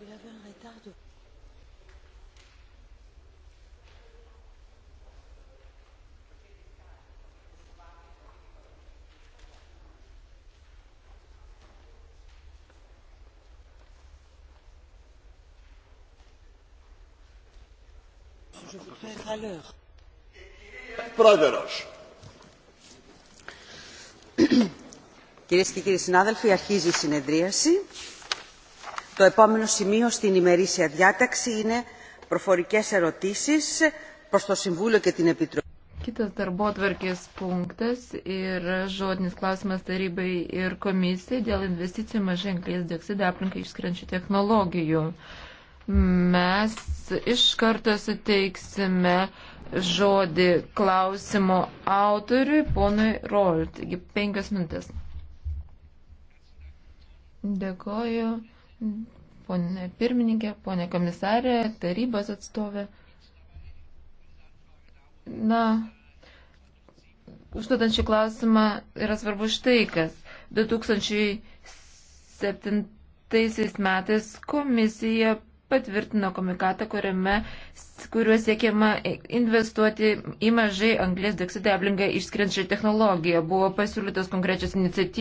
Vous avez un retard de je voudrais être à l'heure. Πρόεδρος. Κυρίες και κύριοι συνάδελφοι, αρχίζει η συνεδρίαση. Το επόμενο σημείο στην ημερήσια διάταξη είναι προφορικές ερωτήσεις προς το Συμβούλιο και την Επιτροπή. Kitas darbo atvarkės punktas ir žodinis klausimas tarybai ir komisijai dėl investicijų mažai anglės dioksidą aplinkai išskrenčių technologijų. Mes iš karto suteiksime žodį klausimo autoriui, ponui Rolt. Taigi penkias minutės. Dėkoju ponė pirmininkė, ponė komisarė, tarybos atstovė. Na, užduodant šį klausimą yra svarbu štai kas. 2007 metais komisija patvirtino komikatą, kuriame, kuriuo siekiama investuoti į mažai anglės dioksidą aplinką išskrenčią technologiją. Buvo pasiūlytos konkrečios iniciatyvos.